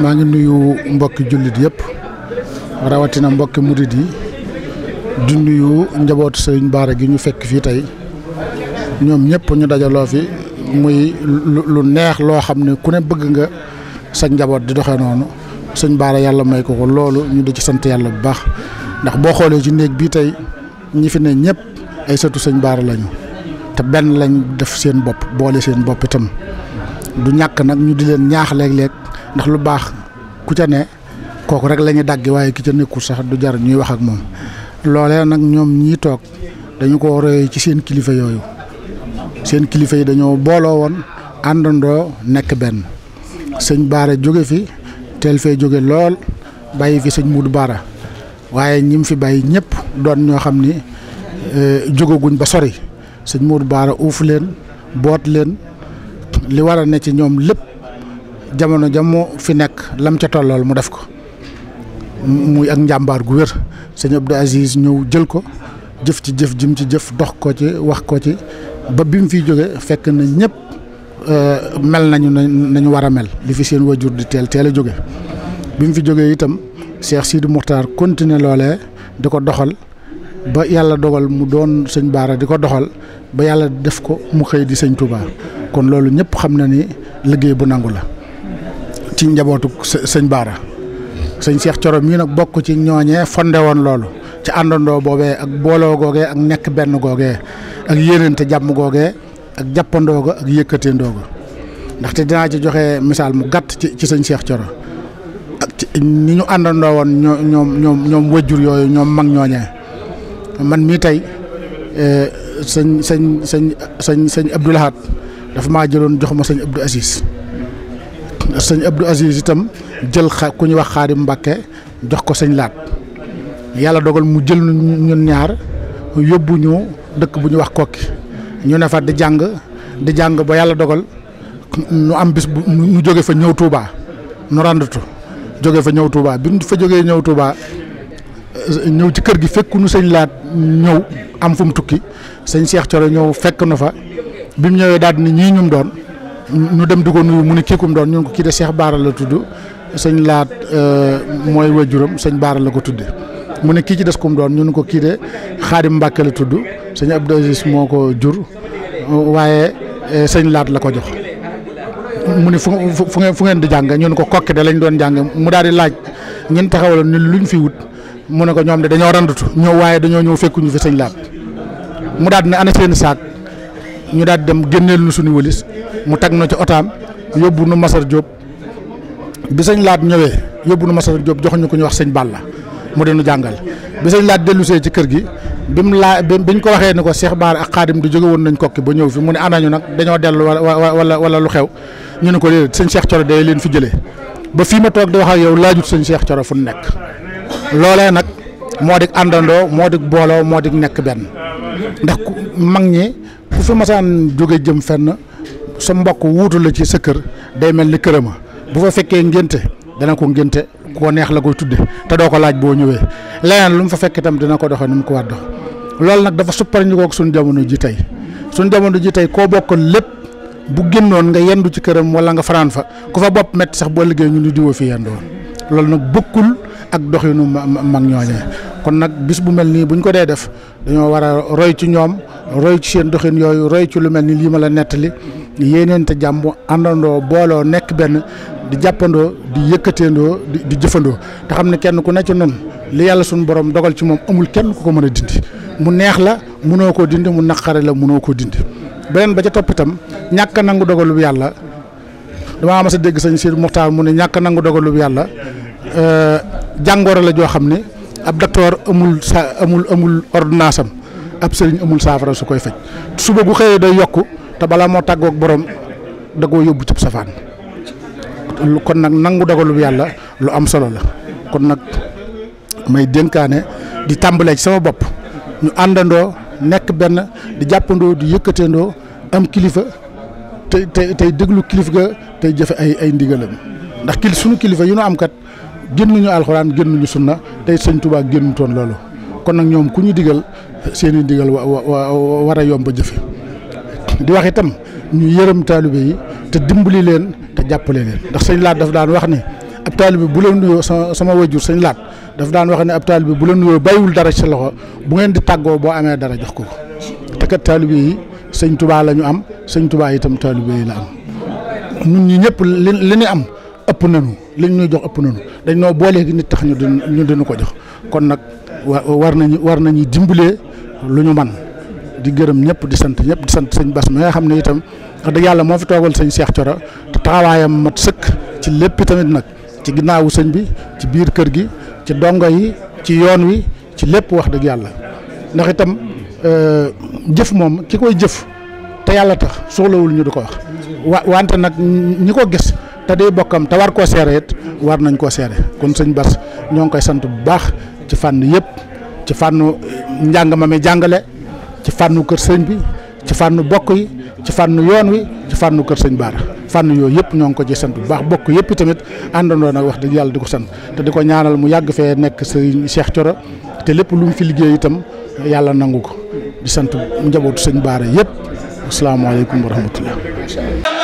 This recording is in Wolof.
maa ngi nuyu mbokki jullit yëpp rawatina mbokki murit yi di nuyu njabootu sëriñ Baara gi ñu fekk fii tey ñoom ñëpp ñu dajaloo fi muy lu neex loo xam ne ku ne bëgg nga sa njaboot di doxee noonu sëñ Baara yàlla may ko ko loolu ñu di ci sant yàlla bu baax ndax boo xoolee ci néeg bii tey ñi fi ne ñëpp ay sëtu sëñ Baara lañu te benn lañ def seen bopp boole seen bopp itam du ñàkk nag ñu di leen ñaax léeg-léeg ndax lu baax ku ca ne kooku rek lañuy ñuy waaye ki ca nekkul sax du jar ñuy wax ak moom loolee nag ñoom ñii toog dañu ko royee ci seen kilifa yooyu seen kilifa yi dañoo booloo woon àndandoo nekk benn sëñ Baara jóge fi teel fee jóge lool bàyyi fi sëñ Muudu Baara waaye ñi fi bàyyi ñëpp doon ñoo xam ni eh, jógaguñ ba sori sëñ Muudu Baara uuf leen boot leen li war ne ci ñoom lépp jamono jam fi nekk lam ca tollool mu def ko muy ak njàmbaar gu wér sëñ Abdou Aziz ñëw jël ko jëf ci jëf jim ci jëf dox ko ci wax ko ci ba bi mu fiy jógee fekk na ñëpp euh, mel nañu nañu war a mel li fi seen wajur di teel teel a jóge bi mu fi jógee itam Cheikh Sidi Moukhtar continué loolee di ko doxal ba yàlla dogal mu doon sëñ Baara di ko doxal ba yàlla def ko mu xëy di sëñ Touba kon loolu ñëpp xam na ni liggéey bu nangu la ci njabootu sëñ Baara sëñ Cheikh Thioro mii nag bokk ci ñooñee fonde woon loolu ci àndandoo boobee ak booloo googee ak nekk benn googee ak yéenante jàmm googee ak jàppandoo ga ak yëkkateendoo ga ndaxte dinaa ci joxe misaal mu gàtt ci sëñ Cheikh Thioro ni ñu àndandoo woon ñoom ñoom ñoom wëjjur yooyu ñoom mag ñooñee man mii tey eh, sëñ sëñ sëñ sëñ sëñ Abdoul Ahad dafa maa jëloon jox ma sëñ Abdou Aziz sëñ Abdou Aziz itam jël xa ku ñuy wax xaari Mbàkke jox ko sëñ Laat yàlla dogal mu jël ñun ñaar yóbbu ñu dëkk bu ñu wax kokki ñu ne fa di jàng di jàng ba yàlla dogal nu am bis bu ñu jóge fa ñëw tuubaa nu randatu jóge fa ñëw Touba bi ñu fa jógee ñëw Touba euh, ñëw ci kër gi fekku nu sëñ Laat ñëw am fu mu tukki sëñ Cheikh Thioro ñëw fekk na fa bi mu ñëwee daal ni ñii ñum doon. ñu dem di ko nuyu mu ne kii kum doon ñu ko kii de Cheikh Baara la tudd sëñ laat euh, mooy waajuram sëñ Baara la ko tudde mu ne kii ci des kum doon ñu ko kii de Xaadim Mbàkke la tudd sëñ Abdou Aziz moo ko jur waaye euh, sëñ laat la ko jox. mu ne fu fu fu ngeen di jàng ñun ko kokki de lañ doon jàng mu daal di laaj ñun taxawaloon ñun luñ fi wut mu ne ko ñoom de dañoo randutu ñoo waaye dañoo ñëw fekkuñu fi sañ laat mu daal di ne ana seen saak ñu daal dem génneel ñu suñu wëlis mu tag na ci otaam yóbbu nu Masar Diop bi sëñ laat ñëwee yóbbu nu Masar Diop jox ñu ko ñu wax sañ sëñ la mu denu jàngal bi sëñ laat dellusee ci kër gi bi mu laa bi ñu ko waxee ni ko Cheikh Baar ak Xaadim di jóge woon nañ kokki ba ñëw fi mu ne anañu nag dañoo dellu wala wala wala lu xew ñu ne ko déedéet sëñ Cheikh Thioro day leen fi jëlee ba fii ma toog di wax ak yow laajut sëñ Cheikh Thioro fu nekk loolee nag moo di àndandoo moo di booloo moo di nekk benn ñi ku fi jóge jëm fenn. su mbokk wuutu la ci sa kër day mel ni kërama bu fa fekkee ngénte dana ko ngénte ko neex la koy tudde te doo ko laaj boo ñëwee leneen lu mu fa fekkee itam dina ko doxee nu mu ko war dox loolu nag dafa supparñu kook suñu jamono ji tey suñu jamono ji tey koo bokkoon lépp bu génnoon nga yendu ci këram wala nga fanaan fa ku fa bopp métti sax boo liggéey ñu ni diwa fi yendoon loolu nag bokkul ak doxinu mag ñooñee kon nag bis bu mel nii buñ ko dee def dañoo war a roy ci ñoom roy ci seen doxin yooyu roy ci lu mel ni lii ma la nettali yéeneente jàmm àndandoo booloo nekk benn di jàppandoo di yëkkateendoo di jëfandoo te xam ne kenn ku nekk ci li yàlla suñu borom dogal ci moom amul kenn ku ko mën a dindi mu neex la munoo koo dindi mu naqare la munoo koo dindi beneen ba ca topp itam ñàkk a nangu dogalu yàlla damaa mas a dégg sëñ Sidi Muxtaar mu ne ñàkk a nangu dogalu yàlla euh, jàngoro la joo xam ne ab docteur amul sa amul amul ordonnance am ab sëriñ amul saafara su koy faj suba gu xëyee te balaa moo tàggook borom da yóbbu cib safaan kon nag nangu dagalu yàlla lu am solo la kon nag may dénkaane di tàmbalee sama bopp ñu àndandoo nekk benn di jàppandoo di yëkkateendoo am kilifa tey te tey déglu kilifa ga tey jëfe ay ay ndigalam ndax kil sunu kilifa yu nu am kat génnuñu alxuraan génnuñu na tey sëñ Tuubaa génnutoon loolu kon nag ñoom ku ñu digal seeni digal war a yomb jëfe di wax itam ñu yërëm taalibe yi te dimbali leen te jàppale leen ndax sëñ laat daf daan wax ni ab taalibe bu la nuyoo sama wajur sëñ laat daf daan wax ne ab taalibe bu la nuyoo bàyyiwul dara ci sa loxo bu ngeen di tàggoo boo amee dara jox ko ko te kat taalibe yi sëñ tubaa la am sëñ tubaa itam taalibe yi la am ñun ñi ñëpp li li ñu am ëpp nañu li ñuy jox ëpp nañu dañ noo boolee gi nit tax ñu dina ñu dina ko jox kon nag war nañu war nañu dimbalee lu ñu man di gërëm ñëpp di sant ñëpp di sant sëñ Bass mi nga xam ne itam wax dëgg yàlla moo fi toogal sëñ Cheikh Thioro te taxawaayam mat sëkk ci lépp tamit nag ci ginnaawu sañ bi ci biir kër gi ci dongo yi ci yoon wi ci lépp wax dëgg yàlla ndax itam euh, jëf moom ki koy jëf te yàlla tax soxlawul ñu di ko wax wa wante nag ñi ko gis te day bokkam te war koo seere it war nañ koo seere kon sëñ Bass ñoo koy sant bu baax ci fànn yëpp ci fànnu njàng ma mi jàngale ci fànnu kër sëñ bi ci fànnu bokk yi ci fànnu yoon wi ci fànnu kër sëñ Baara fànn yooyu yëpp ñoo ngi ko ci sant bu baax bokk yëpp tamit àndandoo nag wax dëgg yàlla di ko sant te di ko ñaanal mu yàgg fee nekk sëñ Cheikh Thioro te lépp lu mu fi liggéey itam yàlla nangu ko di sant njabootu sëñ Baara yëpp asalaamaaleykum wa rahmatullah